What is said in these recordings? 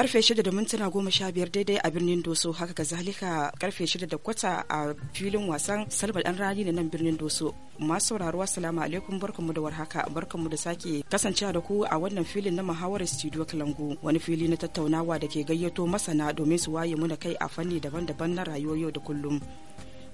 karfe shida da mintuna goma sha biyar daidai a birnin doso haka ga zalika karfe shida da kwata a filin wasan salma dan rani na nan birnin doso masu sauraro assalamu alaikum barkanmu da warhaka barkanmu da sake kasancewa da ku a wannan filin na muhawarar studio kalangu wani fili na tattaunawa da ke gayyato masana domin su waye muna kai a fanni daban-daban na rayuwar yau da kullum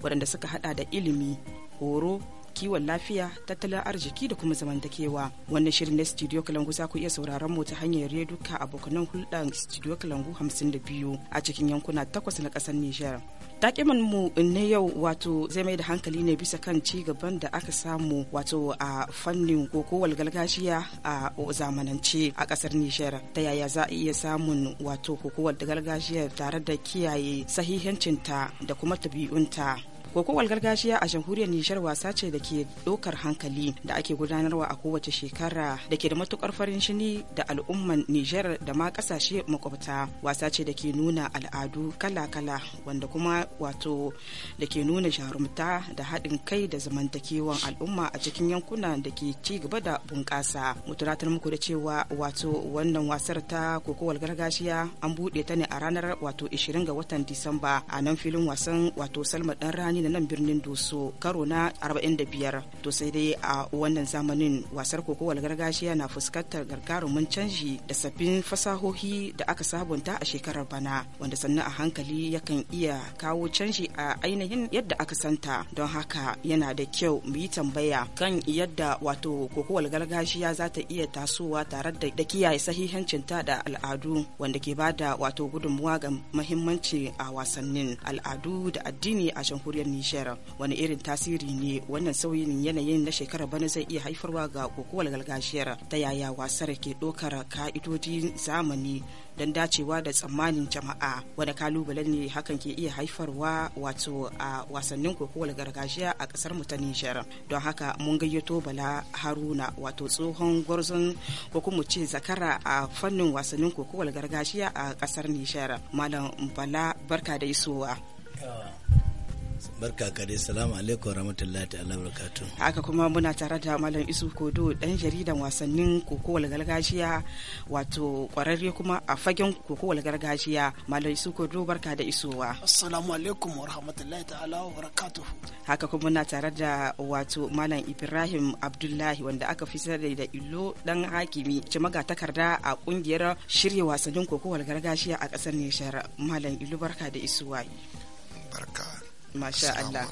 waɗanda suka hada da ilimi horo kiwon lafiya tattalin arziki da kuma zamantakewa wannan shirin na studio kalangu za ku iya sauraron mu ta hanyar reduka abokanan hulɗar studio kalangu hamsin da biyu a cikin yankuna takwas na kasar nijar takiman mu na yau wato zai mai da hankali ne bisa kan ci gaban da aka samu wato a fannin kokowar gargajiya a zamanance a ƙasar nijar ta yaya za a iya samun wato kokowar gargajiya tare da kiyaye sahihancinta da kuma tabi'unta kokowar gargajiya a jamhuriyar nijar wasa ce da ke ɗaukar hankali da ake gudanarwa a kowace shekara da ke da matukar farin shini da al'umman nijar da ma kasashe makwabta wasa ce da ke nuna al'adu kala-kala wanda kuma wato da ke nuna jarumta da haɗin kai da zamantakewan al'umma a cikin yankuna da ke ci gaba da bunƙasa mu muku da cewa wato wannan wasar ta kokowar gargajiya an buɗe ta ne a ranar wato 20 ga watan disamba a nan filin wasan wato salma dan rani da nan birnin doso karo na 45 to sai dai a wannan zamanin wasar kokowar gargajiya na fuskantar gargarumin canji da sabbin fasahohi da aka sabunta a shekarar bana wanda sannan a hankali yakan iya kawo canji a ainihin yadda aka santa don haka yana da kyau mu yi tambaya kan yadda wato kokowar gargajiya za ta iya tasowa tare da kiyaye ta da al'adu wanda ke bada wato gudunmuwa ga mahimmanci a wasannin al'adu da addini a jamhuriyar Nijar wani irin tasiri ne wannan sauyin yanayin na shekarar bana zai iya haifarwa ga kokowar gargajiyar ta yaya wasar ke ɗaukar ka'idojin zamani don dacewa da tsammanin jama'a wani kalubale ne hakan ke iya haifarwa wato a wasannin kokowar gargajiya a kasar mu ta Nijar don haka mun gayyato Bala Haruna wato tsohon gwarzon ko kuma ce zakara a fannin wasannin kokowar gargajiya a kasar Nijar Malam Bala barka da isowa ah. barka ka dai salamu alaikum rahmatullahi ta'ala barakatu haka kuma muna tare da malam isu kodo dan jaridan wasannin kokowar gargajiya wato kwararre kuma a fagen kokowar gargajiya malam isu kodo barka da isowa assalamu alaikum wa rahmatullahi ta'ala wa barakatu haka kuma muna tare da wato malam ibrahim abdullahi wanda aka fi sani da illo dan hakimi jimaga takarda a kungiyar shirya wasannin kokowar gargajiya a kasar nishar malam illo barka da isuwa barka masha Allah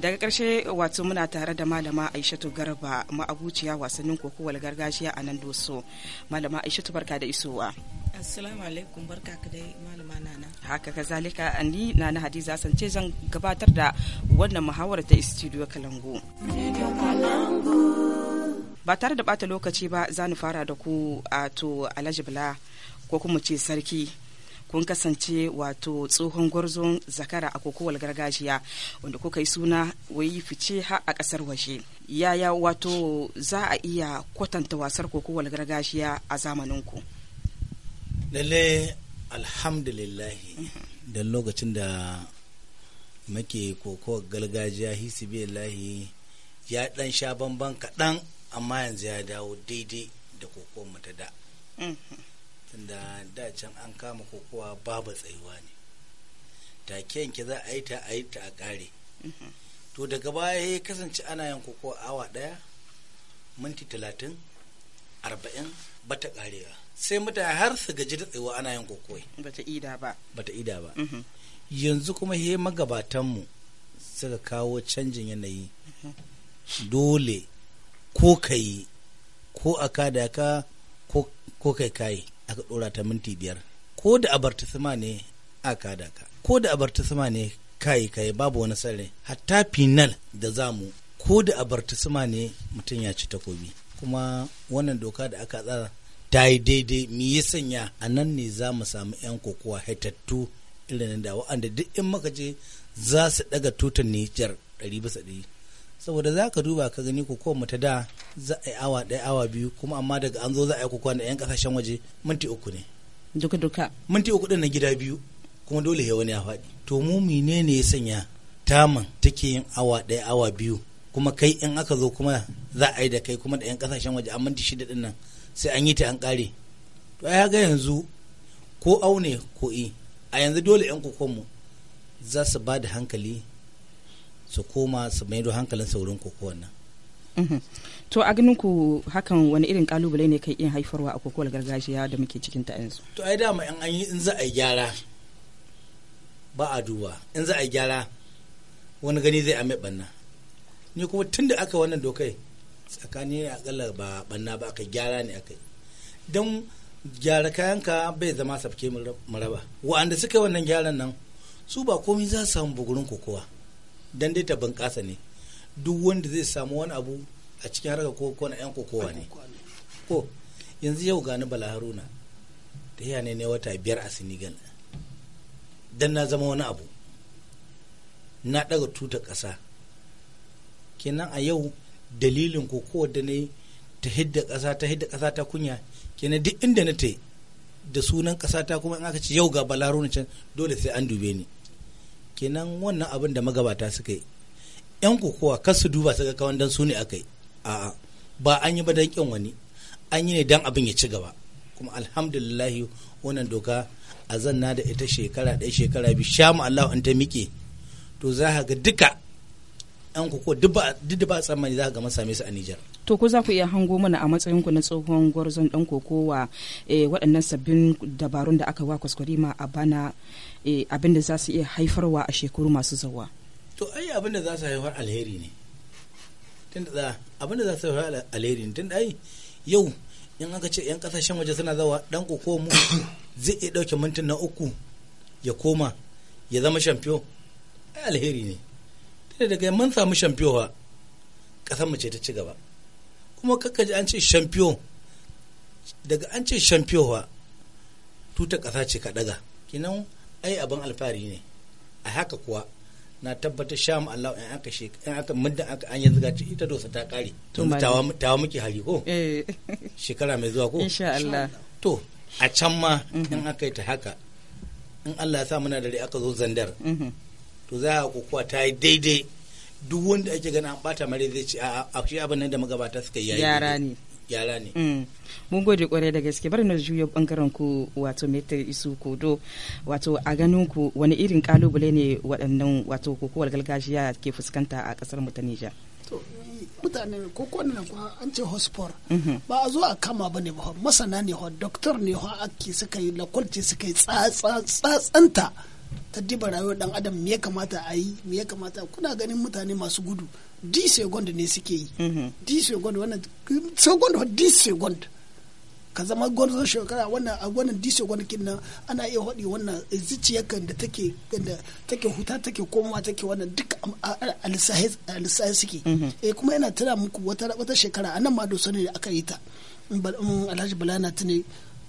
daga ƙarshe wato muna tare da malama aishatu garba ma'abuciya wasannin kokowar gargajiya a nan doso malama aishatu barka da isowa assalamu alaikum barka ka dai malama nana haka ka zalika ni nana hadiza sance zan gabatar da wannan muhawar ta studio kalangu ba tare da bata lokaci ba za fara da ku a to alhaji bala ko kuma ce sarki kun kasance wato tsohon gwarzon zakara a kokowar gargajiya wanda kuka yi suna wai fice ha a kasar waje yaya wato za a iya kwatanta wasar kokowar gargajiya a zamaninku lalle alhamdulillahi da lokacin da muke kokowar gargajiya lahi ya dan sha bamban kaɗan amma yanzu ya dawo daidai da kokowar mu ta da mhm. tunda da can an kama kokowa babu tsayuwa ne take yanke za a yi ta a yi ta a kare mhm. to daga baya ya kasance ana yin kokowa awa daya minti talatin arba'in bata karewa sai mutane har su gaji da tsayuwa ana yin kokowai bata ida ba bata ida ba mhm. yanzu kuma he magabatanmu suka kawo canjin yanayi mhm. dole ko ka yi ko a ka ka ko kai kayi aka ɗora ta minti biyar ko da abartisma ne aka da ka ko da abartisma ne kai kai babu wani sarri hatta final da zamu ko da abartisma ne mutum ya ci takobi kuma wannan doka da aka tsara ta yi daidai mi ya sanya a nan ne za mu samu 'yan kokowa haitattu irin da wa'anda duk in muka je za su daga tutar Nijar ɗari bisa ɗari saboda za ka duba ka gani ko mu ta da za a yi awa ɗaya awa biyu kuma amma daga an zo za a yi kokowa da 'yan kasashen waje minti uku ne duka duka minti uku ɗin na gida biyu kuma dole ya wani ya faɗi to mu mine ne ya sanya taman take yin awa ɗaya awa biyu kuma kai in aka zo kuma za a yi da kai kuma da 'yan kasashen waje an minti shida ɗin nan sai an yi ta an ƙare to ya ga yanzu ko aune ko i a yanzu dole 'yan mu za su ba da hankali su koma su maido hankalin saurin koko nan mhm. to a ganin ku hakan wani irin kalubale ne kai iya haifarwa a kokowar gargajiya da muke cikin ta yanzu to ai dama in an yi in za a yi gyara ba a duba in za a yi gyara wani gani zai ame banna ni kuma tun da aka wannan dokai tsakani akalla ba banna ba aka gyara ne aka yi don gyara kayanka bai zama sabke maraba wa'anda suka yi wannan gyaran nan su ba komai za su samu bugurin kokowa dan dai ta bunƙasa ne duk wanda zai samu wani abu a cikin harka ko kona yan kokowa ne ko yanzu yau gani bala haruna ta yi ne wata biyar a sinigal dan na zama wani abu na daga tuta ƙasa kenan a yau dalilin kokowa da ne ta hidda ƙasa ta hidda ƙasa ta kunya kenan duk inda na ta da sunan ƙasa ta kuma in aka ce yau ga bala haruna can dole sai an dube ni kenan wannan abin da magabata suka yi yan kokowa kar su duba su ga kawan dan su ne aka yi a'a ba an yi ba dan kin wani an yi ne dan abin ya ci gaba kuma alhamdulillah wannan doka a zanna da ita shekara ɗaya shekara bi sha mu Allah an ta mike to za ka ga duka yan koko duk ba tsammani za ka ga same su a Niger To ko za ku iya hango mana a matsayin ku na tsohon gwarzon dan kokowa eh, waɗannan sabbin dabarun da aka wa ma a bana Eh, abin da za su iya haifarwa a shekaru masu zawa to ai abin da za su haifar alheri ne tunda abin da za su haifar alheri ne tunda ai yau in aka ce yan kasashen waje suna zawa dan koko mu zai iya dauke mintin na uku ya koma ya zama shamfiyo ai alheri ne tunda daga mun samu shamfiyo ha kasar mu ce ta ci gaba kuma kakka ji an ce shamfiyo daga an ce shamfiyo ha tuta kasa ce ka daga kinan ai abin alfahari ne a haka kuwa na tabbatar mu Allah in aka she in aka muddin aka an yanzu gaci ita dosa ta kare to ta wa muke hari ko eh. shekara mai zuwa ko insha Allah to a can ma mhm. in aka yi ta haka in Allah ya sa muna dare aka zo zandar mhm. to za a kokowa ta yi daidai duk wanda ake gani an bata mare zai ce a shi abin nan da magabata suka yi yara ne gyara ne mm. mun gode kwarai da gaske bari na juya bangaren ku wato isu kodo wato a ganin ku wani irin kalubale ne waɗannan wato kokowar gargajiya ke fuskanta a ƙasar mu ta Nijar mutane ko kwanan ko an ce hospor mm-hmm. ba a zo a kama ba ne ba masana ne ho doctor ne ho ake suka yi lakwalce suka yi tsatsanta ta diba rayuwar dan adam me ya kamata a yi me ya kamata kuna ganin mutane masu gudu di second ne suke yi mhm. di second wannan second di second ka zama gwarzon shekara wannan a wannan di second kin nan ana iya haɗi wannan zuciya kan da take da take huta take komawa take wannan duk alisahi suke mhm. eh kuma yana tana muku wata wata shekara anan ma dosa ne aka yi ta alhaji bala na tuni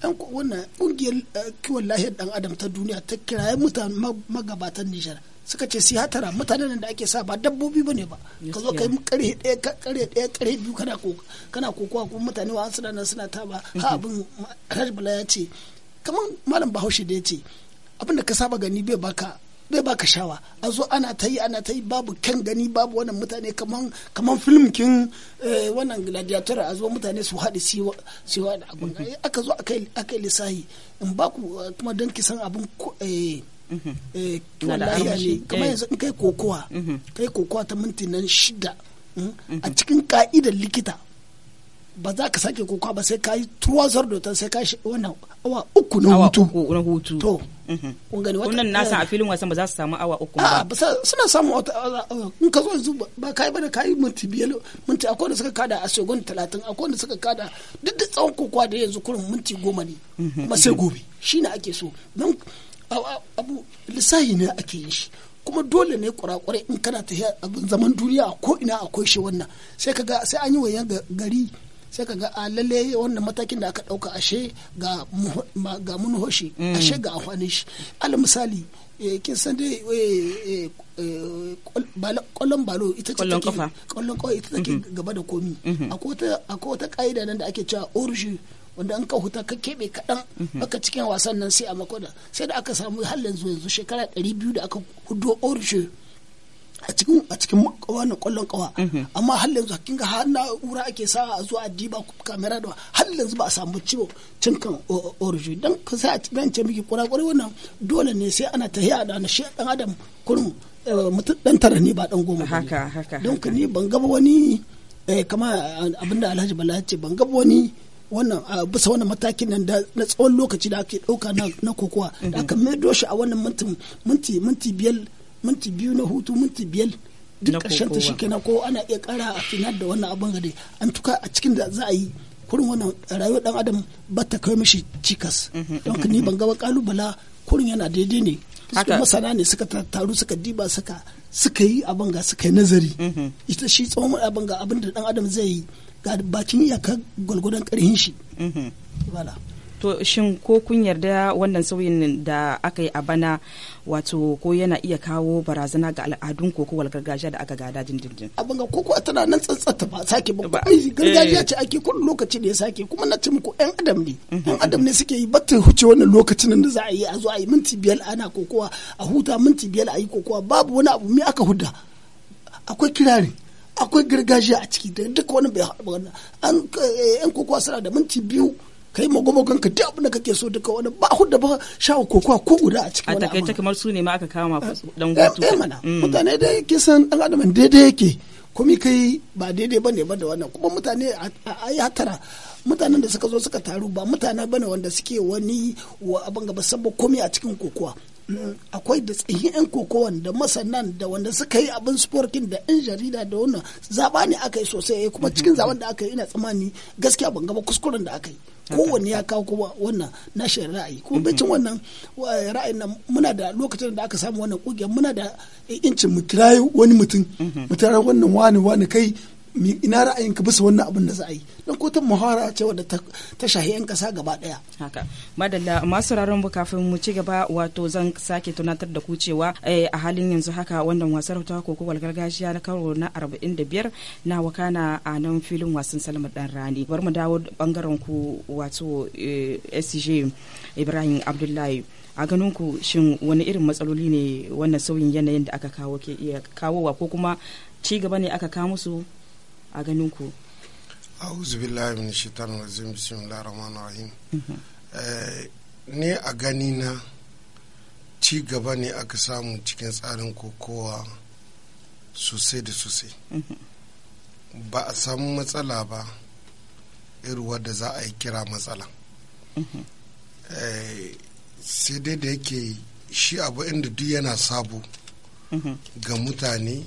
yan wannan kungiyar eh, kiwon lahiyar dan adam ta duniya ta kiraye mutane magabatan nijar suka ce siya tara mutanen da ake sa ba dabbobi ba ne ba ka zo ka kare ɗaya kare ɗaya kare biyu kana ko kana kokowa kuma mutane wa suna nan suna ta ba ha mhm. abin rajbala ya ce kamar malam Bahaushe da ya ce abin da ka saba gani bai baka bai baka shawa a zo ana ta yi ana ta yi babu kyan gani babu wannan mutane kaman kaman film kin eh, wannan gladiator a zo mutane su haɗe siwa siwa da abin mhm. aka zo aka yi lissahi in ba ku kuma don kisan abin eh, Eh, eh. kai kokowa mhm. kai kokowa ta minti nan shida hmm, a mhm. cikin ka'idar likita ba za ka sake kokowa ba sai ka yi tuwazar ta sai ka shi wannan awa uku na hutu awa na hutu to mhm. kun wannan na san a filin wasan ba za su samu awa uku ba ba suna samu awa in ka zo yanzu ba ka yi ba da ka yi minti biyar minti akwai da suka kada a shagon talatin akwai da suka kada duk da tsawon kokowa da yanzu kurin minti goma ne ma sai gobe shi ne ake so don abu lissahi ne ake yin shi kuma dole ne kurakure in kana tafiya abin zaman duniya ko ina akwai shi wannan sai kaga sai an yi wayan gari sai kaga a lalle wannan matakin da aka dauka ashe ga ga mm. ashe ga amfanin shi al misali eh, kin san dai eh, eh, kwallon balo ita ce kwallon kawai ita take mm-hmm. gaba da komi mm-hmm. akwai wata ka'ida nan da ake cewa orji wanda an ka huta ka keɓe kaɗan mhm. aka cikin wasan nan sai a makoda sai da aka samu har yanzu yanzu shekara ɗari biyu da aka hudo orishe a cikin a cikin wannan kwallon kawa mhm. amma har yanzu kin ga har ura ake sa a zuwa diba kamera da har yanzu ba a samu ciwo cin kan orishe dan ka sai a cikin ce miki kurakurai wannan dole ne sai ana tahiya a na shi dan adam kurum eh, mutum dan tara ne ba dan goma haka haka don ka ni ban gaba wani eh, kama eh, abinda Alhaji Bala ya ce ban gaba wani wannan bisa wannan matakin nan da na tsawon lokaci da ake ɗauka na kokowa da aka maido shi a wannan minti minti biyar minti biyu na hutu minti biyar duk ƙarshen ta shi kenan ko ana iya ƙara a tunar da wannan abin gade an tuka a cikin da za a yi kurin wannan rayuwar dan adam ba ta kai mishi cikas mhm, mhm, don ni mhm. ban ga ƙalubala kurin yana daidai ne masana ne suka taru suka diba suka suka yi abin ga suka yi nazari ita shi tsawon abin ga abin da dan adam zai yi ga bakin iyakar gwalgwadon karhin shi mhm. to shin ko kun yarda wannan sauyin da aka yi a bana wato ko yana iya kawo barazana ga al'adun kokowar gargajiya da aka gada dindindin abin ga koko tana nan tsantsanta ba sake ba gargajiya eh. ce ake kun lokaci da ya sake kuma na ce muku yan adam ne mhm. yan adam ne suke yi batta huce wannan lokacin da za a yi a zo a yi minti biyar ana kokowa a huta minti biyar a yi kokowa babu wani abu me aka huda akwai kirari akwai gargajiya a ciki da duka wani bai haɗu wannan an eh, yan kokowa suna da minti biyu kai magomagon ka duk abin da kake so duka wani ba da ba wa kokowa ko guda a cikin wani a kamar su ne ma aka kama eh, dan eh, hutu eh mana mm. mutane dai san dan adam daidai yake komi kai ba daidai bane ba da wannan kuma mutane a ya tara mutanen da suka zo suka taru ba mutane bane wanda suke wani wa abin gaba sabba komi a cikin kokowa akwai da tsayin 'yan kokowan da masanan da wanda suka yi abin sporting da 'yan jarida da wannan zaba ne aka yi sosai eh, kuma cikin zaben da aka yi ina tsammani gaskiya ban gaba kuskuren da aka yi kowanne ya kawo kuma wannan nashin ra'ayi kuma mhm. bacin wannan ra'ayin nan muna da lokacin da aka samu wannan kungiyar muna da eh, incin mu wani mutum mhm. mu wannan wani wani kai ina ra'ayin ka bisa wannan abin da za a yi don kotun muhawara ce wadda ta shahi 'yan kasa gaba daya haka madalla masu raron mu kafin mu ci gaba wato zan sake tunatar da ku cewa eh, a halin yanzu haka wannan wasar ta koko gargajiya na karo na 45 na wakana a nan filin wasan salma dan rani bar mu dawo bangaren ku wato eh, scj ibrahim abdullahi a ganin ku shin wani irin matsaloli ne wannan sauyin yanayin da aka kawo ke iya kawowa ko kuma ci gaba ne aka kawo musu a ganin ku a'udhu billahi min shaitanir rajim bismillahir rahmanir rahim mhm. eh, ne a gani na ci gaba ne aka samu cikin tsarin kokowa sosai da sosai mhm. ba a samu matsala ba irin wadda za a yi kira matsala mhm. eh, sai dai da yake shi abu inda duk yana sabo ga mutane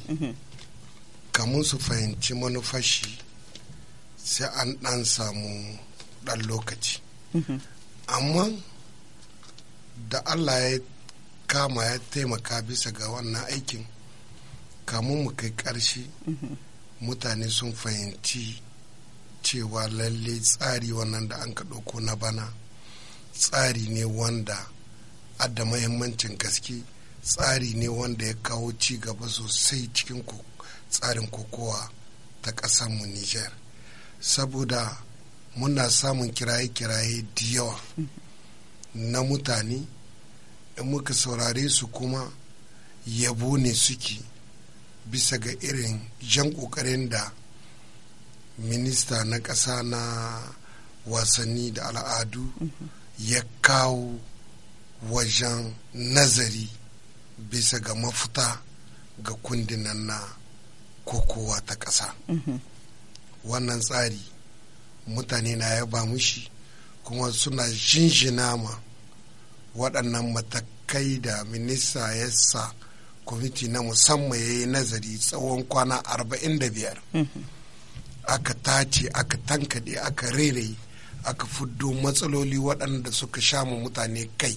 kamun su fahimci manufashi sai an ɗan samu ɗan lokaci mhm. amma da allah ya kama ya taimaka bisa ga wannan aikin kamun mu kai ƙarshe mhm. mutane sun fahimci cewa lalle tsari wannan da an ka ɗauko na bana tsari ne wanda da mahimmancin gaske tsari ne wanda ya kawo ci gaba sosai cikin tsarin kokowa ta ƙasarmu Nijar saboda muna samun kiraye-kiraye da yawa na mutane in muka saurare su kuma yabo ne suke bisa ga irin jan ƙoƙarin da minista na ƙasa na wasanni da al'adu ya kawo wajen nazari bisa ga mafuta ga kundinan na ko kowa ta ƙasa mhm. wannan tsari mutane na yaba mushi kuma suna shinshina ma waɗannan matakai da minista ya sa kwamiti na musamman ya yi nazari tsawon kwana 45 mhm. aka tace aka tankade aka reraye aka fuddo matsaloli waɗanda suka sha shama mutane kai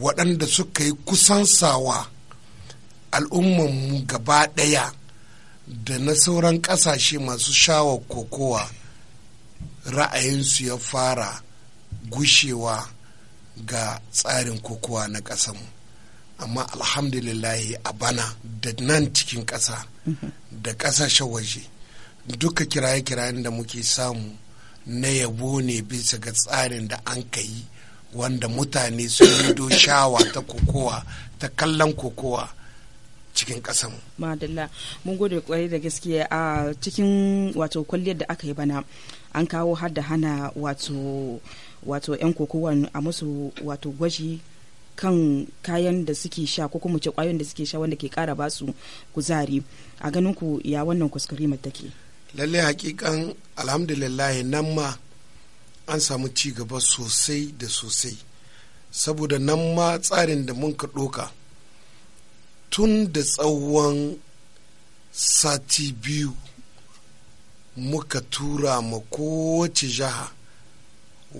waɗanda suka yi kusansawa al'ummanmu gaba ɗaya da na sauran kasashe masu shawar kokowa ra'ayinsu ya fara gushewa ga tsarin kokowa na ƙasanmu amma alhamdulillahi a bana da nan cikin ƙasa da ƙasashen waje duka kiraye-kirayen da muke samu na yabo ne bisa ga tsarin da an ka yi wanda mutane sun yi shawa ta kokowa ta kallon kokowa cikin kasan Madalla mun gode kwarai da gaskiya a cikin wato kwalliyar da aka yi bana an kawo har da hana wato wato 'yan kokowan a musu wato gwaji kan kayan da suke sha ko kuma ce kwayoyin da suke sha wanda ke kara ba su kuzari a ganin ku ya wannan kuskure take lalle hakikan alhamdulillah nan ma an samu ci gaba sosai da sosai saboda nan ma tsarin da mun ka ɗoka tun da tsawon sati biyu muka tura ma kowace jiha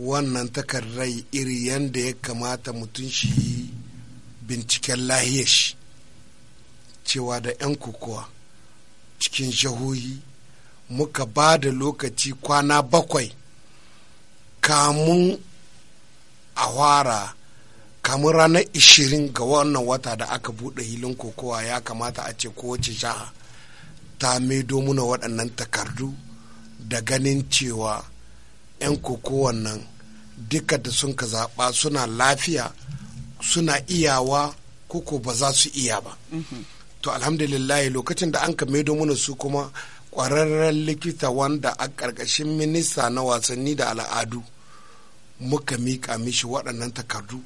wannan takardar iri yadda ya kamata mutum shi binciken lahiya shi cewa da 'yan kukuwa cikin jihohi muka ba da lokaci kwana bakwai kamun a fara kamun ranar ishirin ga wannan wata da aka buɗe hilin kokowa ya kamata a ce kowace jiha ta maido muna waɗannan takardu da ganin cewa 'yan kokowan nan duka da sun ka zaɓa suna lafiya suna iyawa koko ba za su iya ba mhm. to alhamdulillah lokacin da an ka maido muna su kuma ƙwararren likita wanda a ƙarƙashin minista na wasanni da al'adu muka miƙa mishi waɗannan takardu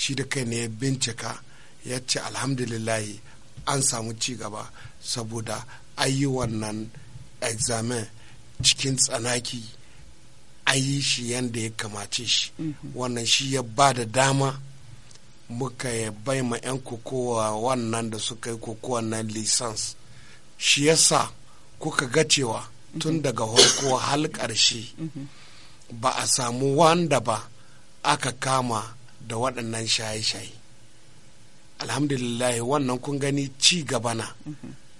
shi da kai ne ya bincika ya ce alhamdulillahi an samu ci gaba saboda yi wannan examen cikin tsanaki an yi shi yadda ya kamace shi mhm. wannan shi ya ba da dama muka ya bai ma 'yan kokowa wannan da suka yi kokowa na lisans shi yasa kuka ga cewa mhm. tun daga harko hal ƙarshe mhm. ba a samu wanda ba aka kama da waɗannan shaye-shaye alhamdulillah wannan kun gani ci gaba na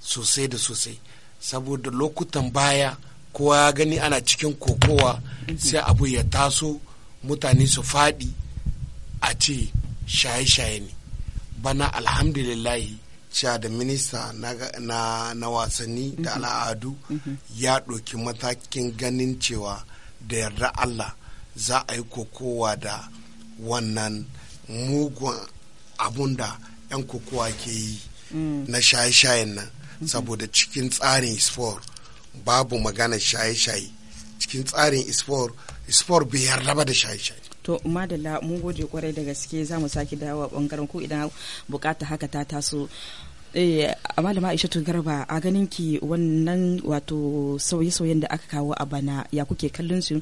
sosai da sosai saboda lokutan baya kowa ya gani ana cikin kokowa sai abu ya taso mutane su faɗi a ce shaye-shaye ne bana alhamdulillahi cewa da minista na, na, wasanni da al'adu ya ɗauki matakin ganin cewa da yarda allah za a yi kokowa da wannan mugun abun da 'yan kokowa ke yi mm. na shaye-shayen nan mm-hmm. saboda cikin tsarin sport babu magana shaye-shaye cikin tsarin sport sport bai yarda ba da shaye-shaye to madalla mun gode kwarai da gaske za mu sake a bangaren ko idan bukata haka ta taso Eh, a malama aishatu garba a ganin ki wannan wato sauye-sauyen da aka kawo a bana ya kuke kallon su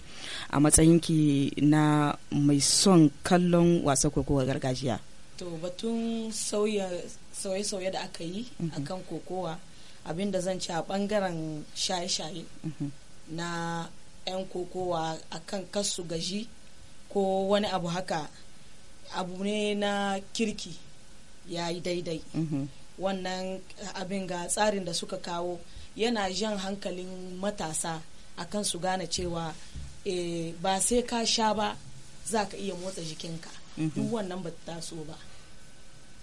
a matsayin ki na mai son kallon wasan kokowa gargajiya to batun sauye-sauye da aka yi mhm. A kan mhm. kokowa abinda zan ci a bangaren shaye-shaye na 'yan kokowa a kan kasu gaji ko wani abu haka abu ne na kirki ya yi daidai mhm. wannan abin ga tsarin da suka kawo yana jan hankalin matasa a kan su gane cewa e, ba sai ka sha ba za ka iya motsa jikinka mhm. duk wannan ba ta so ba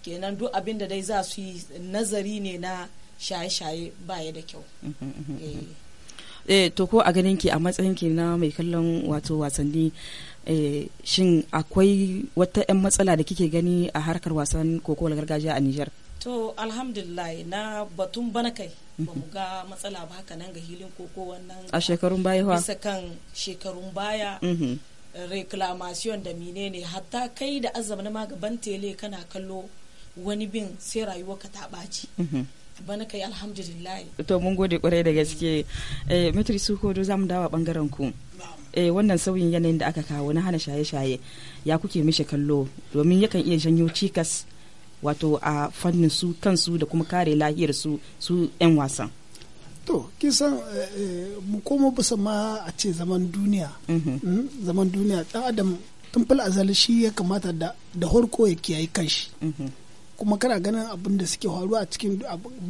kenan duk abin da dai za su yi nazari ne na shaye-shaye baya da kyau e, to ko a ganin ki a matsayin ki na mai kallon wato wasanni e, shin akwai wata 'yan matsala da kike gani a harkar wasan kokowar gargajiya a Nijar? to alhamdulillah na batun bana kai ba mu ga matsala ba haka nan ga hilin koko wannan a shekarun baya bisa kan shekarun baya mhm. reclamation da menene hatta kai da azama na gaban tele kana kallo wani bin sai rayuwa ka ta baci mhm. bana kai alhamdulillah to mun gode kwarai da gaske eh mitri sukodo zamu dawa bangaren ku eh wannan sauyin yanayin da aka kawo na hana shaye-shaye ya kuke mishi kallo domin yakan iya janyo cikas wato a fannin su kansu da kuma kare lahiyar su su 'yan wasan to kisan eh, eh, mu koma bisa ma a ce zaman duniya mhm. hmm, zaman duniya dan adam tun fil azali shi ya kamata da horko ya kiyaye kanshi mhm. kuma kana ganin abin da suke faruwa a cikin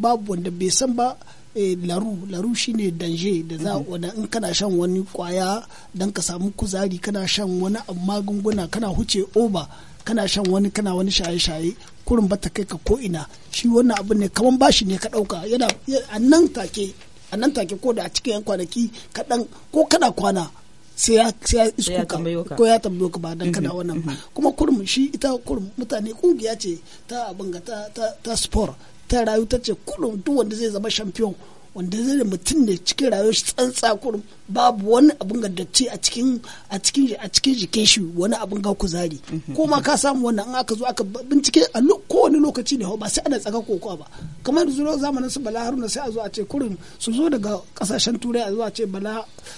babu wanda bai san ba laru eh, laru shine danje da za mhm. wanda in kana shan wani kwaya dan ka samu kuzari kana shan wani magunguna kana huce oba kana shan wani kana wani shaye-shaye kurin ba ta kai ka ko ina shi wannan abu ne kaman bashi ne ka ɗauka yana a nan take a take ko da a cikin yan kwanaki kaɗan ko kana kwana sai ya isko ka ko ya tambayo ka ba dan kana mhm, wannan mhm. kuma kurum shi ita kurum mutane kungiya ce ta abin ta ta sport ta rayu ta ce kurum duk wanda zai zama champion wanda zai mutum ne cikin rayuwar shi tsantsa kurum babu wani abin ga datti a cikin a cikin a cikin jikin shi wani abin ga kuzari mhm. ko ma ka samu wannan in aka zo aka bincike a kowane lokaci ne ba sai ana tsaka kokowa ba kamar zuwa zamanin su bala haruna sai a zo a ce kurum su zo daga kasashen turai a zo a ce bala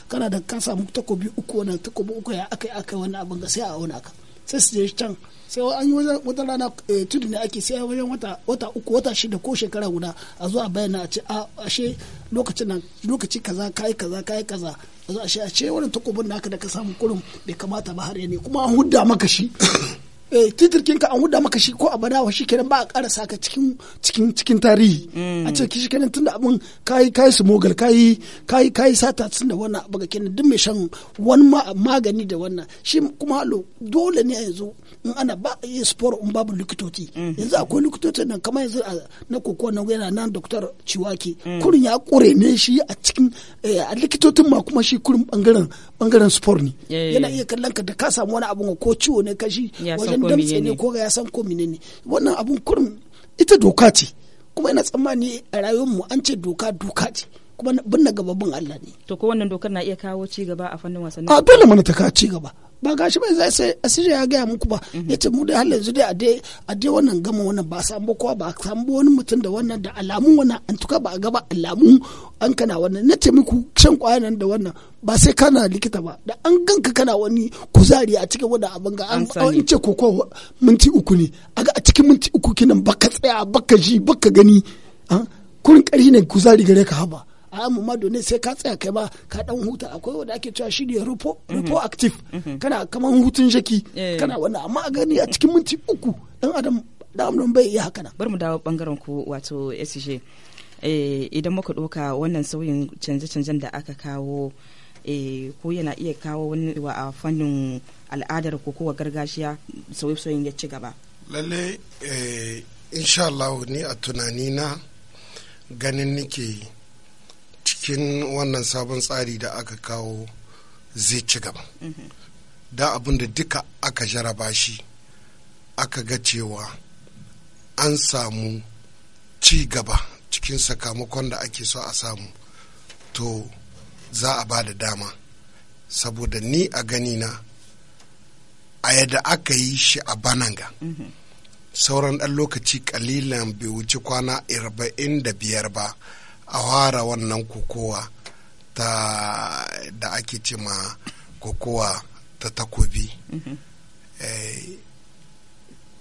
kana da ka samu takobi uku wannan takobi uku ya aka yi aka yi wannan abin ga sai a auna ka sai su je can sai an yi wata rana eh, tudu ne ake sai wajen wata uku wata shida ko shekara guda a zuwa a bayyana a ce a ashe lokacin nan lokaci kaza kai kaza kai kaza a zuwa a a ce wani takobin da da ka samu kurum bai kamata ba har ne kuma an hudda maka shi titirkin eh, ka an huda maka shi ko a badawa shi kenan ba a karasa ka cikin cikin cikin tarihi mm. a ce ki shi kenan tunda abun kai kai su mogal kai kai kai sata tunda wannan abu kenan duk mai shan wani magani da wannan shi kuma halo dole ne yanzu in ana ba a yi sport in babu likitoci mm. yanzu akwai likitoci nan kamar yanzu na koko na yana nan doktor ciwaki mm. kurin ya kure ne shi a cikin eh, a likitocin ma kuma shi kurin bangaren bangaren sport ne yana iya kallon ka da ka samu wani abu ko ciwo ne kashi wajen damtse ne ko ya san ko ne wannan abun kurum ita doka ce kuma ina tsammani a rayuwar mu an ce doka doka ce kuma binne gababin Allah ne to ko wannan dokar na iya kawo ci gaba a fannin wasanni a dole mana ta kawo ci gaba ba gashi bai zai asiri ya gaya muku ba mhm. ya ce mu da har yanzu dai a dai wannan gama wannan ba samu kowa ba samu wani mutum da wannan da alamun wannan an tuka ba a gaba alamun an kana wannan na ce muku shan kwanan da wannan ba sai kana likita ba da an ganka kana wani kuzari a cikin wannan abin ga an ce koko minti uku ne a ga a cikin minti uku kinan baka tsaya baka ji baka gani ah, kurin ƙarfi ne kuzari gare ka haba a mamado ne sai ka tsaya kai ba ka dan huta akwai wanda ake cewa shi ne rupo mhm. rupo active mhm. kana kaman hutun shaki eh. kana wannan amma a gani a cikin minti uku dan adam da amnon bai iya haka bar mu dawo bangaren ku wato SJ eh, idan muka doka wannan sauyin canje-canjen da aka kawo eh, ko yana iya kawo wani wa a fannin al'adar ko kowa gargajiya sauye ya ci gaba lalle insha Allah ni a na ganin nake cikin wannan sabon tsari da aka kawo zai ci gaba mhm. da abin da duka aka jaraba shi aka ga cewa an samu ci gaba cikin sakamakon da ake so a samu to za a ba da dama saboda ni a gani na a yadda aka yi shi a bananga mhm. sauran ɗan lokaci kalilan bai wuce kwana 45 ba a fara wannan kokowa ta da ake ce ma kokowa ta takobi mhm. eh,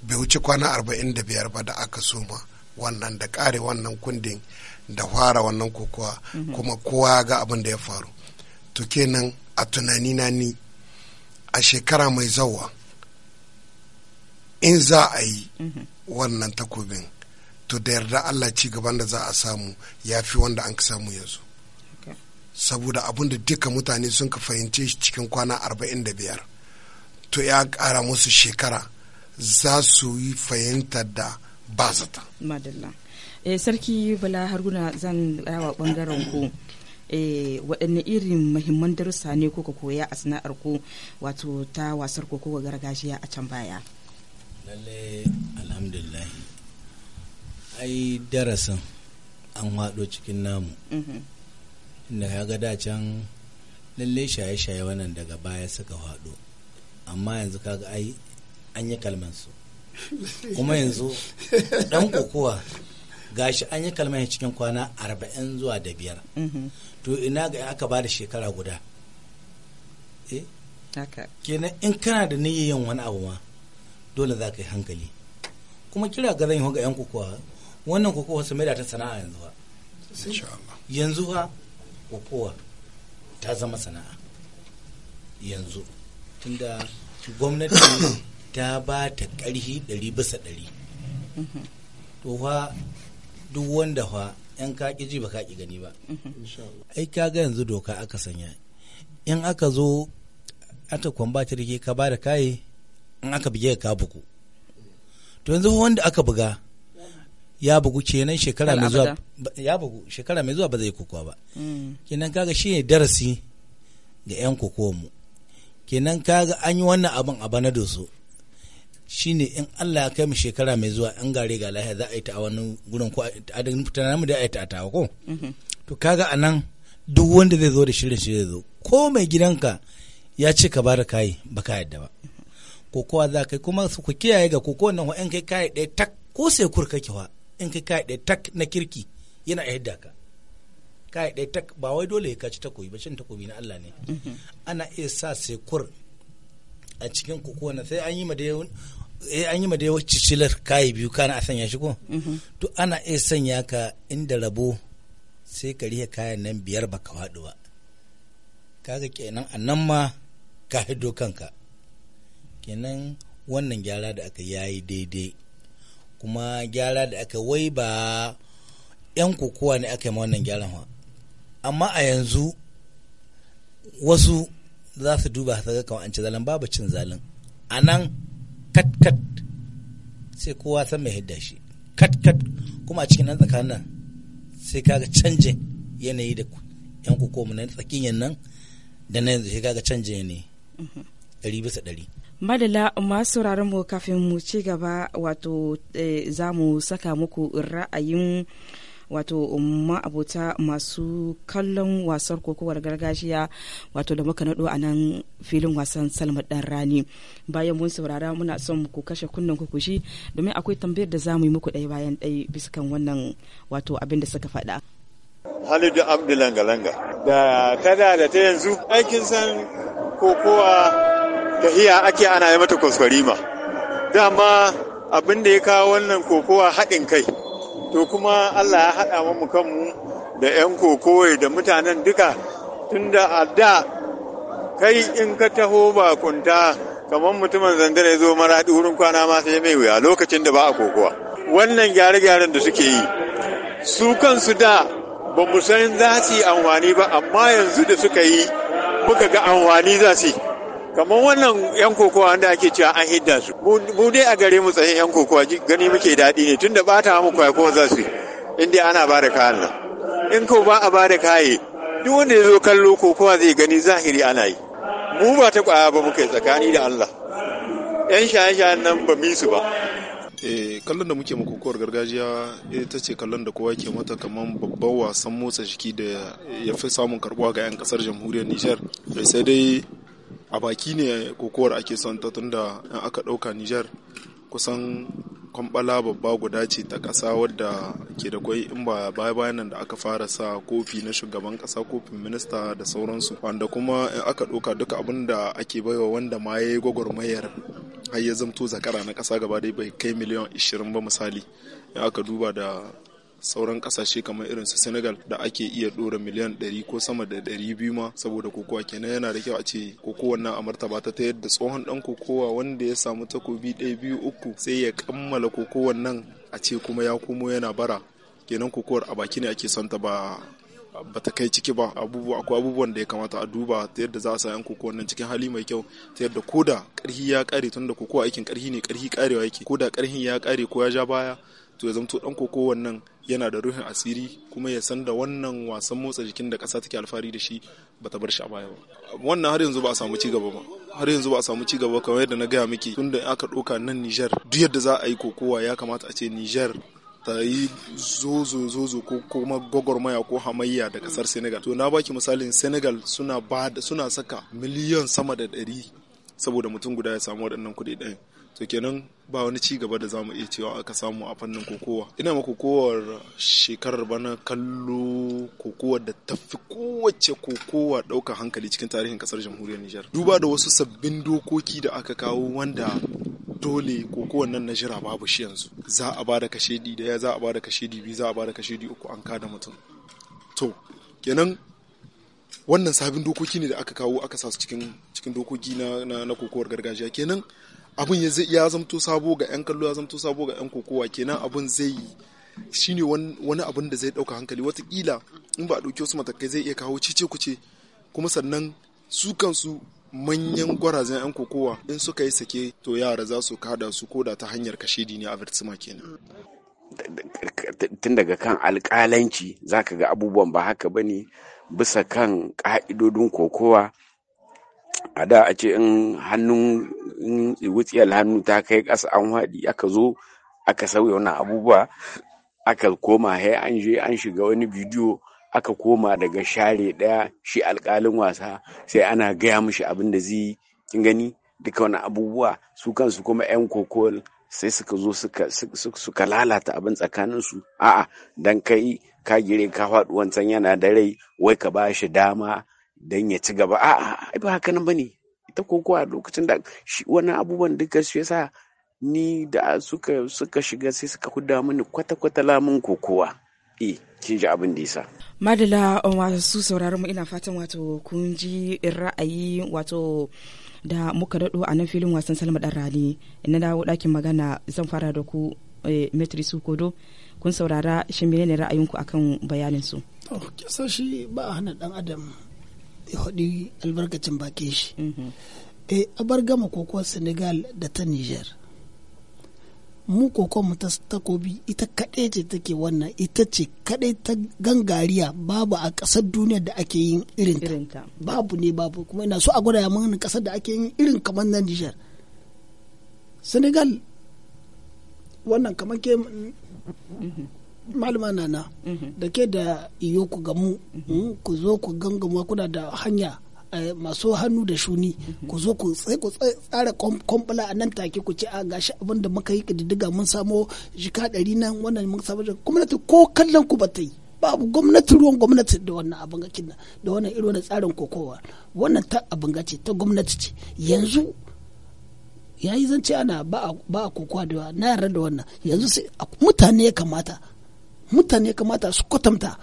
bai wuce kwana arba'in ba da aka soma wannan da kare wannan kundin da fara wannan kokowa mhm. kuma kowa ga abin da ya faru to kenan a tunani na ni a shekara mai zawa in za a yi mhm. wannan takobin to da yarda Allah ci gaban da za a samu ya fi wanda an samu yanzu saboda abin da duka mutane sun ka fahimce shi cikin kwana arba'in da biyar to ya kara musu shekara za su yi fahimta da ba zata eh, sarki bala haruna zan yawa bangaren ku eh, waɗanne irin mahimman darussa ne ko ka koya a sana'ar ku wato ta wasar ko gargajiya a can baya lalle alhamdulillah. ai darasin an haɗo cikin namu mm-hmm. inda ya ga dacen lalle shaye-shaye wannan daga baya suka haɗo amma yanzu kaga ai an yi kalmansu kuma yanzu ɗan kokowa gashi an yi kalmar cikin kwana arba'in zuwa da biyar mm-hmm. to ina ga aka ba da shekara guda eh? kenan in kana da niyyar yin wani abu ma dole za ka yi hankali kuma kira ga zan yi ga yan kokowa. wannan kokowa su maida ta sana'a yanzu ha yanzu ha kokowa ta zama sana'a yanzu tunda gwamnati ta ba ta ƙarfi ɗari bisa ɗari mhm. to fa duk wanda fa yan kaƙi ji ba kaƙi gani ba mhm. ai kaga yanzu doka aka sanya in aka zo ata kwamba ta rike ka ba da kaye in aka bige ka bugu to yanzu wanda aka buga ya bugu kenan shekara mai zuwa ya bugu shekara mai zuwa ba zai kokowa ba mm. kenan kaga shi ne darasi ga 'yan kokowa mu kenan kaga an yi wannan abin a bana da su shine in Allah ya kai mu shekara mai zuwa an gare ga lahiya za a yi ta a wani gurin ko a da mutane mu da a yi ta a tawa ko mm-hmm. to kaga anan duk wanda zai zo da shirin shi zai zo ko mai gidanka ya ce ka bada kayi ba ka yadda ba mm-hmm. kokowa za kai kuma su ku kiyaye ga kokowa nan wa'yan kai kayi ɗaya tak ko sai kurka kiwa in kai kai ɗaya tak na kirki yana a yadda ka kai ɗaya tak ba wai dole ka ci takobi ba shan takobi na Allah ne ana iya sa sai a cikin kuku sai an yi ma da eh, an yi ma da cicilar kayi biyu kana a sanya shi ko to ana iya sanya ka inda rabo sai ka rihe kayan nan biyar baka faɗi ba kaga kenan a nan ma ka hido kanka kenan wannan gyara da aka yayi daidai kuma gyara da aka wai ba 'yan kokowa ne aka yi wannan gyaran ba amma a yanzu wasu za su duba su ga kawai an ci zalin babu cin zalin a nan katkat sai kowa san mai hidda shi katkat kuma a cikin nan tsakanin nan sai kaga canjin yanayi da yan kokowa na tsakiyan nan da na yanzu sai kaga canjin yanayi mm-hmm. ɗari bisa ɗari madala masu mu kafin mu ci gaba wato eh, za mu saka muku ra'ayin wato ma'abota masu kallon wasar kokowar gargajiya wato da muka naɗo a nan filin wasan salma dan rani bayan mun saurara muna son ku kashe kunnen ku kushi domin akwai tambayar da za mu yi muku ɗaya bayan ɗaya biskan wannan wato abin da suka faɗa halidu abdu da tada da ta yanzu aikin san kokowa tahiya ake ana yi mata kwaskwarima dama abin da ya kawo wannan kokowa haɗin kai to kuma allah ya haɗa mu kanmu da 'yan kokowai da mutanen duka tunda a da kai in ka taho bakunta kamar mutumin zandar ya zo maraɗi wurin kwana ma sai mai wuya lokacin da ba a kokowa wannan gyare-gyaren da suke yi su kansu da ba mu san za su yi amfani ba amma yanzu da suka yi muka ga amfani za su yi kamar wannan yan kokowa da ake cewa an hidda su mu dai a gare mu tsayin yan kokowa gani muke daɗi ne tunda ba ta mu kwaya ko za su in dai ana ba da kayan nan in ko ba a ba da kaye duk wanda ya zo kallo kokowa zai gani zahiri ana yi mu ba ta kwaya ba muke tsakani da Allah yan shaye-shayen nan ba mi su ba eh, kallon da muke makokowar gargajiya ita ce kallon da kowa ke mata kamar babban wasan motsa jiki da ya fi samun karbuwa ga 'yan kasar jamhuriyar nijar eh, sai dai a baki ne kokowar ake son ta tunda in aka ɗauka Nijar kusan kwambala babba guda ce ta ƙasa wadda ke da kwai in ba baya bayan nan da aka fara sa kofi na shugaban ƙasa kofin minista da sauransu wanda kuma in aka ɗauka duka abin da ake baiwa wanda ma ya yi gwagwarmayar har ya zamto zakara na ƙasa gaba dai bai kai miliyan 20 ba misali in aka duba da sauran kasashe kamar irin su Senegal da ake iya dora miliyan 100 ko sama da 200 ma saboda kokowa kenan yana da kyau a ce kokowa nan a martaba ta ta yadda tsohon dan kokowa wanda ya samu takobi ɗaya biyu uku sai ya kammala kokowa nan a ce kuma ya komo yana bara kenan kokowar a baki ne ake son ta ba ba ta kai ciki ba abubuwa akwai abubuwan da ya kamata a duba ta yadda za a sa yan kokowa nan cikin hali mai kyau ta yadda koda karhi ya kare tunda kokowa aikin karhi ne karhi karewa yake koda karhin ya kare ko ya ja baya to ya zamto dan koko wannan yana da ruhin asiri kuma ya san da wannan wasan motsa jikin da kasa take alfahari da shi ba ta bar shi a baya ba wannan har yanzu ba a samu cigaba ba har yanzu ba a samu cigaba kamar yadda na gaya miki tunda aka ɗauka nan Niger duk yadda za a yi kokowa ya kamata a ce Niger ta yi zozo zozo ko kuma gwagwarmaya ko hamayya da kasar senegal to na baki misalin senegal suna suna saka miliyan sama da ɗari saboda mutum guda ya samu waɗannan kuɗi ɗaya to kenan ba wani ci gaba da zamu iya cewa aka samu a fannin kokowa ina ma kokowar shekarar bana kallo kokowar da tafi kowace kokowa ɗaukar hankali cikin tarihin kasar jamhuriyar Nijar duba da wasu sabbin dokoki da aka kawo wanda dole kokowar nan na jira babu shi yanzu za a bada kashedi daya za a bada kashedi biyu za a bada kashedi uku an da mutum to kenan wannan sabbin dokoki ne da aka kawo aka sa su cikin cikin dokoki na na kokowar gargajiya kenan abin ya zamto sabo ga 'yan kallo ya zamto sabo ga 'yan kokowa kenan abin zai yi ne wani abun da zai dauka hankali watakila in ba a ɗauki wasu matakai zai iya kawo cice kuce kuma sannan su kansu manyan gwarazan 'yan kokowa in suka yi sake to yara za su kada su koda ta hanyar kashe dini a kenan tun daga kan alkalanci za ka ga abubuwan ba haka ba ne bisa kan ƙa'idodin kokowa a da a ce in hannun wutsiyar hannu ta kai ƙasa an haɗi aka zo aka sauya wani abubuwa aka koma hai an je an shiga wani bidiyo aka koma daga share ɗaya shi alƙalin wasa sai ana gaya mishi abin da zai kin gani duka wani abubuwa su kansu kuma 'yan kokol sai suka zo suka lalata abin tsakaninsu a'a don kai ka gire ka faɗi wancan yana da rai wai ka ba shi dama don ya ci gaba a'a ai ba haka nan bane ita kokowa lokacin da shi wani abubuwan duka su yasa ni da suka suka shiga sai suka huda mini kwata-kwata lamun kokowa eh kin ji abin da yasa madala masu um, sauraron mu ina fatan wato kun ji ra'ayi wato da muka dado a nan filin wasan salma dan rani ina dawo dakin magana zan fara da ku eh, metri su kodo kun saurara shi menene ra'ayinku akan bayanin su to kisa shi ba hana dan adam ya haɗi albarkacin bakin shi mhm. eh, a abar gama kokowar senegal da ta niger mu kokon mu ta takobi ita kaɗai ce take wannan ita ce kaɗai ta gangariya babu a ƙasar duniya da ake yin irinta babu ne babu kuma ina so a gwada mana ƙasar da ake yin irin kamar nan niger senegal wannan kamar ke mhm. malama nana mhm. da ke da iyo ku gamu mhm. mm, ku zo ku gangama kuna da hanya eh, masu hannu da shuni mhm. ku zo ku tsaye ku tsara kwamfula a nan take ku ce a gashi abin da muka yi kididdiga mun samo jika ɗari nan wannan mun samo gwamnati ko kallon ku ba ta yi babu gwamnati ruwan gwamnati da wannan abin gakin da wannan irin tsarin kokowa wannan ta abin gace ta gwamnati ce yanzu ya yi zance ana ba a kokowa da na yarda da wannan yanzu sai mutane ya kamata mutane kamata su kwatanta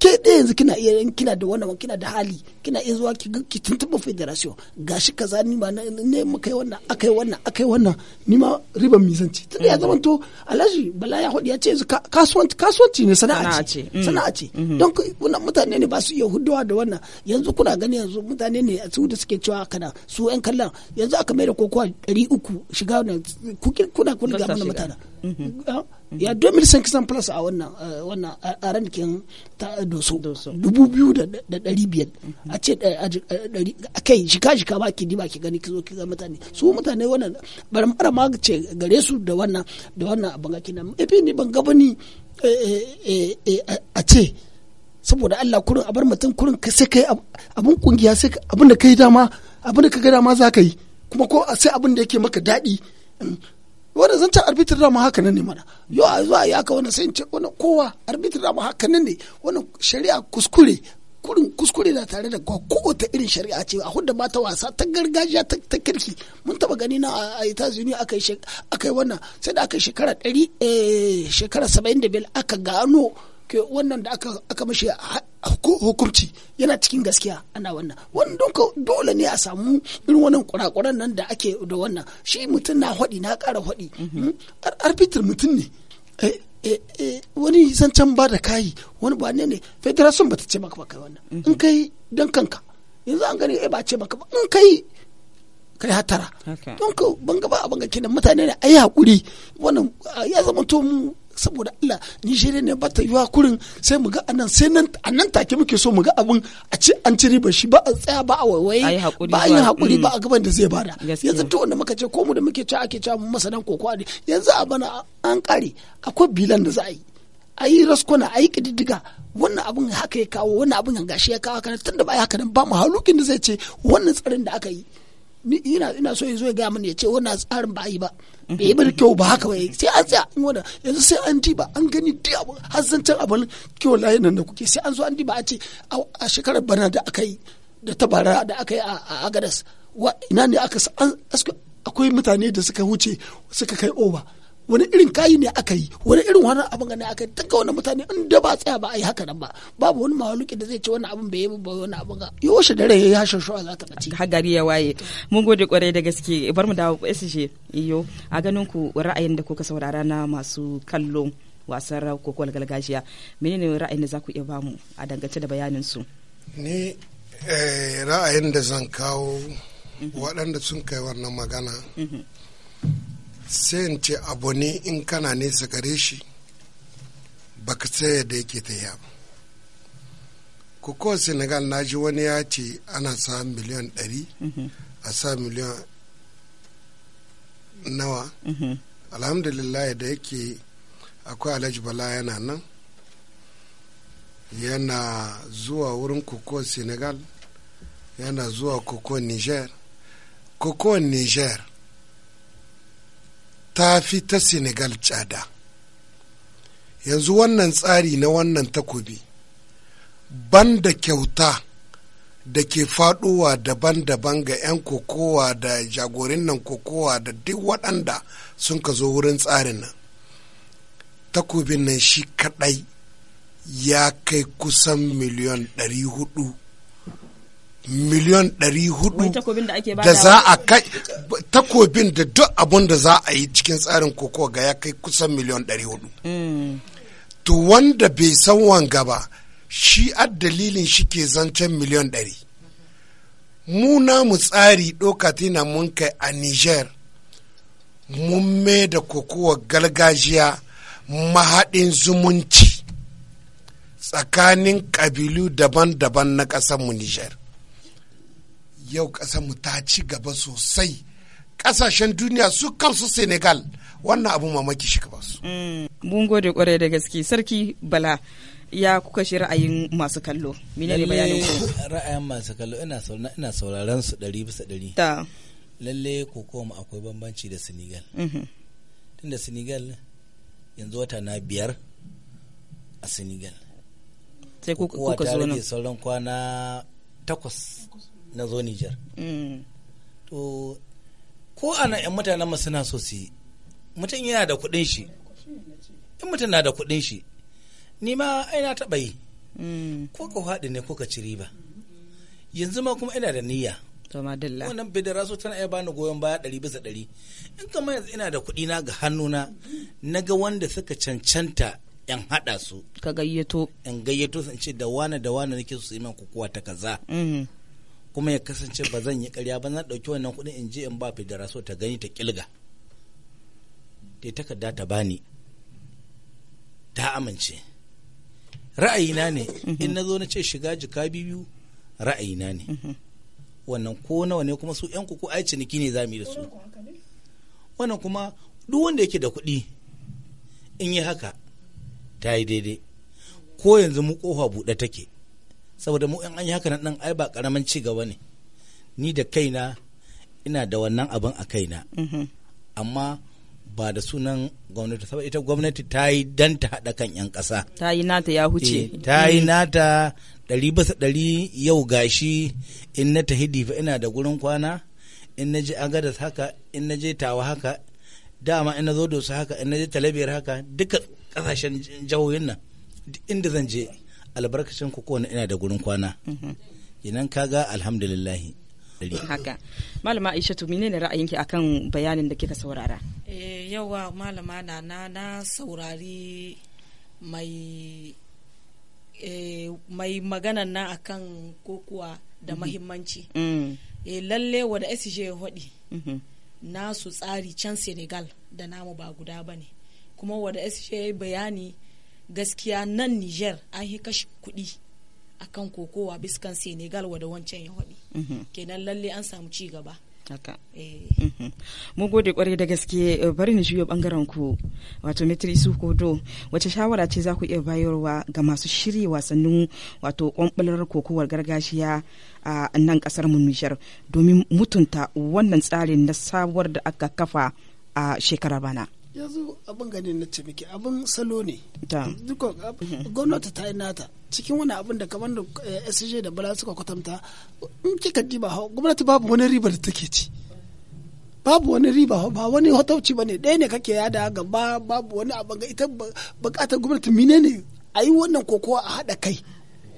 ke ɗaya yanzu kina iya kina da wannan kina da hali kina iya zuwa ki tuntuɓa federation gashi kaza ni ma ne muka yi wannan yi wannan yi wannan ni ma riban mizanci tun ya mm. zama to alhaji bala ya hudu ya ce yanzu kasuwanci kasuwanci ne sana'a ce sana'a ce mm. mm-hmm. don wannan mutane ne ba su iya huduwa da wannan yanzu kuna gani yanzu mutane ne su da suke cewa kana su yan kallon yanzu aka mai da kokowa ɗari uku shiga kuna kuna ga mana mutane ya kisan plus a wannan eh, a aran kin ta doso 2500 mm-hmm. a a ce a kai shika shika ba ki diba ki gani ki zo ki ga mutane su mutane wannan bara ma ce gare su da wannan da wannan abin ga kina efi ni ban ga bani eh, eh, eh, a ce saboda Allah kurin a bar mutum kurin ka sai kai abin kungiya sai abin da kai dama abin da ka ga dama za ka yi kuma ko sai abin da yake maka daɗi mm. wanda zancen arbitar dama haka nan ne mana yau a zuwa ya ka wani sai ce wani kowa arbitar dama haka nan ne wani shari'a kuskure kuskurin kuskure na tare da ta irin shari'a ce a hudda mata wasa ta gargajiya ta kirki mun taba gani na a Estados Unidos aka yi wannan sai da aka shekara ɗari eh, shekara saba'in da biyar aka gano ke wannan da aka aka mashi hukurci yana cikin gaskiya ana wannan wannan dole ne a samu irin wannan kurakuran nan da ake da wannan shi mutum na haɗi na kara haɗi mhm. hmm? arbitar mutum ne eh, Eh, eh, wani zancen ba da kayi wani ba ne ne federation ba ta ce maka ba kai wannan in mhm. kai dan kanka yanzu an gani eh, ba ce maka ba in kai kai hatara don ka ban gaba a banga kenan mutane ne ayi hakuri wannan ya zama to mu saboda Allah Nigeria ne ba ta yiwa kurin sai mu ga anan sai nan anan take muke so mu ga abin a ci an ci riba shi ba a tsaya ba a waiwaye ba a yi hakuri ba a mm. gaban da zai bada yanzu to wanda muka ce ko mu da muke ci ake ci masanan kokowa ne yanzu a bana an kare akwai bilan da za a yi a yi raskona a yi kididdiga wannan abin haka ya kawo wannan abin gashi ya kawo haka tunda da ya haka nan ba mu halukin da zai ce wannan tsarin da aka yi ina ina so ya zo ya ga mun ya ce wannan tsarin ba yi ba bai yi bari kyau ba haka ba sai an tsaya in wanda yanzu sai an diba an gani duk abu har zancen abin kyau layin nan da kuke sai an zo an diba a ce a shekarar bana da aka yi da bara da aka yi a agadas ina ne aka akwai mutane da suka wuce suka kai oba wani irin kayi ne aka yi wani irin wani abin ne aka yi duka wani mutane in da ba tsaya ba a yi haka nan ba babu wani mahaluki da zai ce wani abin bai yi ba wani abin ga yo shi dare ya hashin shu'a za ta bace har gari ya waye mun gode kwarai da gaske bar mu dawo SG iyo a ganin ku ra'ayin da kuka saurara na masu kallo wasan kokowar gargajiya menene ra'ayin da za ku iya mu a dangance da bayanin su ni eh, ra'ayin da zan kawo waɗanda sun kai wannan magana mhm. sai abu ne in kana nesa gare shi ka ya da yake ta yi ku ko senegal na ji wani ya ce ana sa miliyan 100 a sa miliyan nawa mhm. alhamdulillah da yake akwai alhaji bala yana nan yana zuwa wurin koko senegal yana zuwa koko niger koko niger ta fi ta senegal tsada yanzu wannan tsari na wannan takobi banda kyauta da ke faɗowa daban-daban ga 'yan kokowa da jagorin nan kokowa da duk waɗanda sun ka zo wurin tsarin nan takobin nan shi kaɗai ya kai kusan miliyan huɗu. miliyan ɗari hudu da za a kai takobin da duk abun da za a yi cikin tsarin kokowa ga ya kai kusan miliyan ɗari hudu. Hmm. To wanda bai san wanga ba shi a dalilin shi ke zancen miliyan ɗari. Mu namu tsari ɗauka tina mun kai a Niger mun mai da kokowa gargajiya mahaɗin zumunci tsakanin ƙabilu daban-daban na mu Niger. yau mu ta ci gaba sosai ƙasashen duniya su kansu senegal wannan abu mamaki shi ka basu. Mm. mun gode kwarai da gaske sarki bala ya kuka shi ra'ayin masu kallo menene bayanin ku ra'ayin masu kallo ina sauraron su ɗari bisa ɗari ta lalle kokoma akwai bambanci da senegal mhm. tunda senegal yanzu wata na biyar a senegal sai kuka zo nan sauran kwana takwas na zo Nijar. Mm. To ko ana 'yan mutanen suna so su yi mutum yana da kuɗin shi in mutum na da kuɗin shi ni ma aina taɓa yi mm. ko ka faɗi ne ko ka ci riba yanzu ma kuma ina da niyya wannan bidara so tana iya bani goyon baya ɗari bisa ɗari in kama yanzu ina da kuɗi na ga hannuna na ga wanda suka cancanta yan haɗa su ka gayyato yan gayyato sun ce da wane da wane nake su man kukuwa ta kaza mm. kuma ya kasance ba zan yi karya ba na ɗauki wannan kuɗin in je in ba fidara so ta gani ta kilga ta takarda ta bani ta amince ra'ayina ne mhm. in na zo na ce shiga jika biyu ra'ayina ne mhm. wannan ko nawa ne kuma su yan ko ai ciniki ne za mu yi da su wannan kuma duk wanda yake da kuɗi in yi haka ta yi daidai ko yanzu mu kofa buɗe take saboda mu in an yi haka nan ai ba karamin ci gaba ne ni da kaina ina da wannan abin a kaina mm-hmm. amma ba da sunan gwamnati saboda ita gwamnati ta yi dan ta haɗa kan 'yan ƙasa ta yi nata ya huce eh, ta yi mm-hmm. nata ɗari bisa ɗari yau gashi in na tahidi fa ina da gurin kwana in na je agadas haka in na je tawa haka dama in na zo dosa haka in na je talabiyar haka duka ƙasashen jihohin nan inda zan je albarkacin ku kowane ina da gurin kwana mhm. idan kaga alhamdulillah haka malama Aisha ne menene ra'ayinki akan bayanin da kika saurara eh yawa malama na na na saurari mai eh, mai maganan nan akan kokuwa da mhm. mahimmanci mm. eh, lalle wada sj ya hodi mhm. nasu tsari can senegal da namu ba guda bane. kuma wada sj bayani gaskiya nan niger an yi kashe kuɗi akan kokowa biskan senegal wa da wancan ya haɗi mhm. kenan lalle an samu ci gaba eh. mhm. mu gode kwarai da gaske eh, bari ni juyo bangaren ku wato metri su kodo wace shawara ce za ku iya bayarwa ga masu shirya wasannin wato kwamfular kokowar gargajiya a nan kasar mu nishar domin mutunta wannan tsarin na sabuwar da aka kafa a shekara bana yanzu abin gani na ce miki abin salo ne duka gwamnati ta yi nata cikin wani abin da kamar da eh, sj da bala suka kwatanta in kika diba gwamnati babu wani riba da take ci babu wani riba ba wani hotauci ba ne ɗaya ne kake yada ga babu wani abin ga ita bukatar gwamnati mine ne a yi wannan kokowa a haɗa kai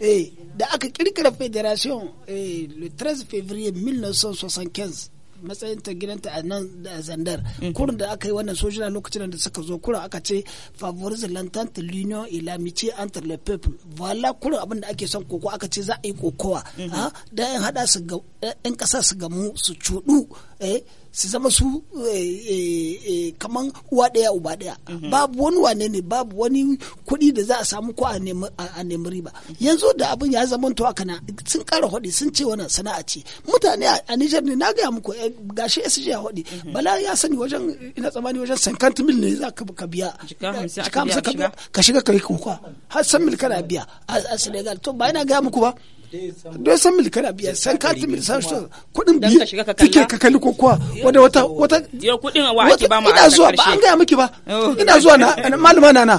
eh, da aka kirkira federation eh, le 13 février 1975 matsayin ta gidanta a nan da zandar kurin da aka yi wannan sojina lokacin da suka zo kurin aka ce favorise ta l'union et l'amitié entre le peuple voilà kurin abin da ake son koko aka ce za a yi kokowa mhm. ah, da yan hada su ga yan kasa su gamu su cudu Eh, su zama su eh, eh, kaman uwa ɗaya uba ɗaya mhm. babu wani wane ne babu wani kuɗi da za a samu ko a nemi riba yanzu da abin ya zama to haka na sun ƙara hoɗi sun ce wannan sana'a ce mutane a Nijar ne na gaya muku gashi SJ ya hodi mhm. bala ya sani wajen ina tsammani wajen sankant mil ne za ka biya ka shiga ka yi kuka har san mil kana biya a Senegal to ba ina gaya muku ba don san mil kana biya san ka ti mil san shi kudin biye kike ka kalli ko kuwa wanda wata wata yo kudin wa ake ba ma ina zuwa ba an gaya miki ba oh. ina zuwa na malama na na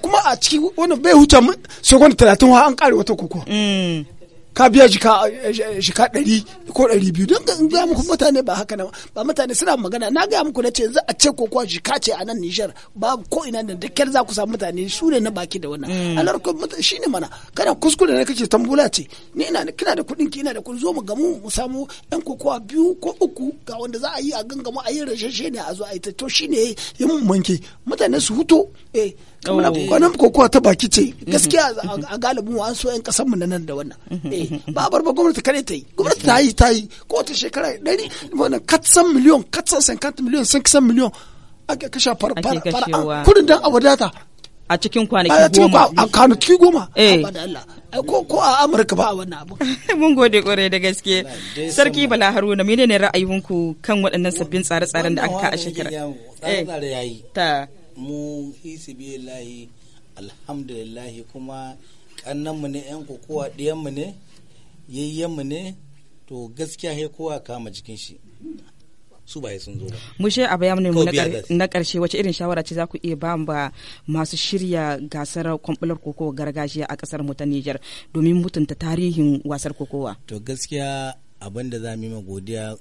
kuma a ciki wani bai huta sekon talatin wa an kare wata kokowa mm. ka biya shika eh, ɗari ko ɗari biyu don in gaya muku mutane ba haka nan ba mutane suna magana na gaya muku na ce za a ce ko kuwa shika ce a nan Nijar ba ko ina da da za ku samu mutane su ne na baki da wannan mm. alar ko shi ne mana kana kuskure ne kake tambula ce ni ina da kina da kuɗin ki ina da kuɗin zo mu gamu mu samu ɗan kuwa biyu ko uku ga wanda za a yi a gangamu a yi rashashe ne a zo a yi ta to shi ne ya mun manke mutane su huto eh kamar kokowa ta baki ce mm-hmm. gaskiya a mm-hmm. galibin wa an so 'yan ƙasar mu na nan da wannan mm-hmm. eh babar ba bar ba gwamnati kare ta yi gwamnati ta yi ta yi ko ta shekara ɗari wannan katsan miliyon katsan sankanta miliyon kisan miliyon ake kashe fara fara fara ah, kudin dan a wadata a cikin kwanaki goma a kwanaki goma eh. ko ko a amurka ba a wannan abu mun gode kwarai da gaske sarki bala haruna menene ra'ayinku kan waɗannan sabbin tsare-tsaren da aka a shekara eh. tsare-tsare yayi ta mu hisibi alhamdulillah kuma kannan mu ne yan kokowa ɗiyan mu ne yamma ne to gaskiya ya kowa kama jikin shi su ba sun zo ba. Mushe a bayanin mu na karshe wace irin shawara ce za ku iya ba ba masu shirya gasar kwamfular kokowa gargajiya a kasar mu ta Nijar domin mutunta tarihin wasar kokowa. To gaskiya abin da za mu yi ma godiya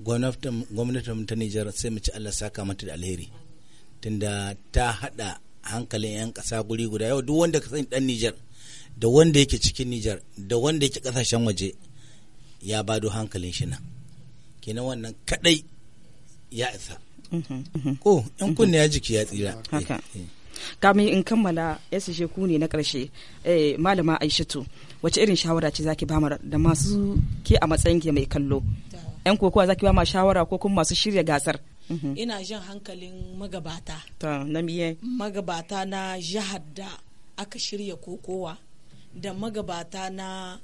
gwamnatin ta Nijar sai mu ci Allah saka mata da alheri. Tunda ta haɗa hankalin 'yan ƙasa guri guda yau duk wanda ka sani ɗan Nijar da wanda yake cikin Nijar da wanda yake kasashen waje ya bado hankalin shi nan kenan wannan kadai ya isa mhm, mhm. ko in mhm. kunne ya jiki ya tsira eh, eh. kamin in kammala yasashe ku ne na karshe eh, malama aishatu wace irin shawara ce zaki ba da masu ke a matsayin ke mai kallo yan kokowa zaki ba ma shawara ko kuma masu shirya gasar ina jin hankalin magabata magabata na jihar da aka shirya kokowa da magabata na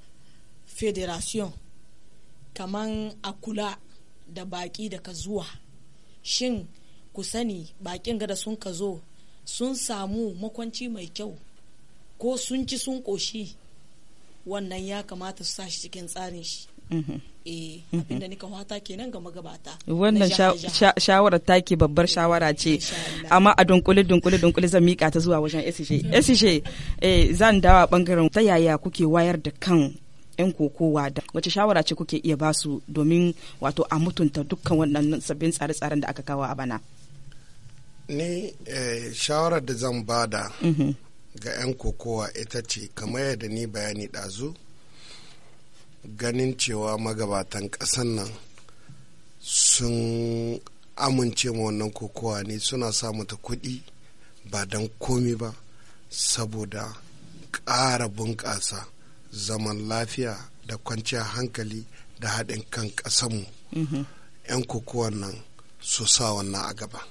federation kaman a kula da baki daga zuwa shin ku sani bakin gada sun ka zo sun samu makwanci mai kyau ko sun ci sun koshi wannan ya kamata su sa shi cikin tsarin shi mhm. Eh, mm-hmm. abinda nika hwata kenan ga magabata wannan shawarar take babbar shawara ce amma a dunkule dunkule dunkule zan mika ta zuwa wajen SJ mm-hmm. SJ eh zan dawa bangaren ta yaya kuke wayar da kan yan kokowa da wace shawara ce kuke iya basu domin wato a mutunta dukkan wannan sabbin tsare-tsaren da aka kawo a bana ni eh, shawarar da zan bada mm-hmm. ga 'yan kokowa ita ce kamar yadda ni bayani ɗazu ganin cewa magabatan ƙasan nan sun amince ma wannan kokowa ne suna sa mata kuɗi ba don komi ba saboda ƙara bunƙasa zaman lafiya da kwanciyar hankali da haɗin kan ƙasanmu mm-hmm. 'yan kokowan nan su sa wannan a gaba.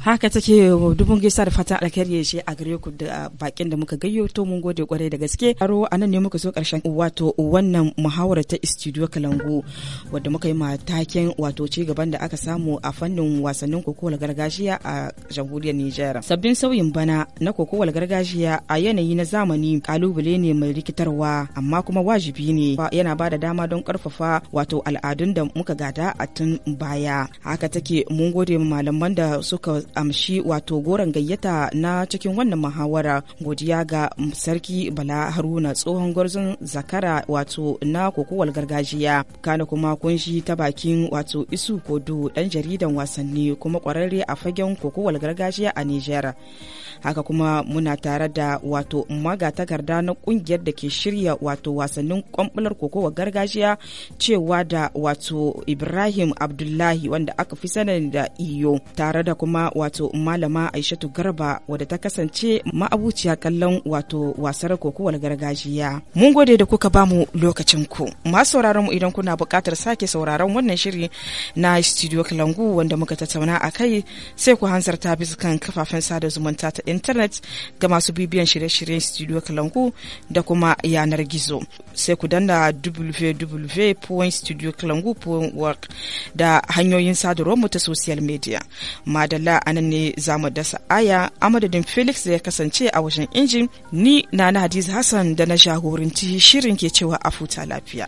haka take dubun gaisa da fatan alkhairi ya ce a gare ku da ah, bakin da muka to mun gode kwarai da gaske aro anan ne muka so karshen wato wannan muhawara ta studio kalangu wadda muka yi mataken wato ci gaban da aka samu a fannin wasannin kokowar gargajiya a jamhuriyar Nijar sabbin sauyin bana na kokowar gargajiya a yanayi na zamani kalubale ne mai rikitarwa amma kuma wajibi ne yana ba da dama don karfafa wato al'adun da muka gada a tun baya haka take mun gode malaman da suka amshi wato goron gayyata na cikin wannan muhawara godiya ga sarki bala haruna tsohon gwarzon zakara wato na kokowar gargajiya kana kuma kunshi ta bakin wato isu kodo dan jaridan wasanni kuma kwararre a fagen kokowar gargajiya a nijar haka kuma muna tare da wato magatakarda na kungiyar da ke shirya wato wasannin kwambular kokowar gargajiya cewa da wato ibrahim abdullahi wanda aka fi sanin da iyo tare da kuma wato malama aishatu garba wadda ta kasance ma'abuciya kallon wato wasar kokowar gargajiya mun gode da kuka bamu lokacin ku masu sauraron mu idan kuna buƙatar sake sauraron wannan shiri na studio kalangu wanda muka tattauna a kai sai ku hanzarta bisa kan kafafen sada zumunta ta intanet ga masu bibiyan shirye-shiryen studio kalangu da kuma yanar gizo sai ku danna www.studiokalangu.org da hanyoyin sadarwar mu ta social media madalla a nan ne za mu dasa aya a madadin felix da ya kasance a wajen injin ni na na hadiza hassan da na jagoranci shirin ke cewa a futa lafiya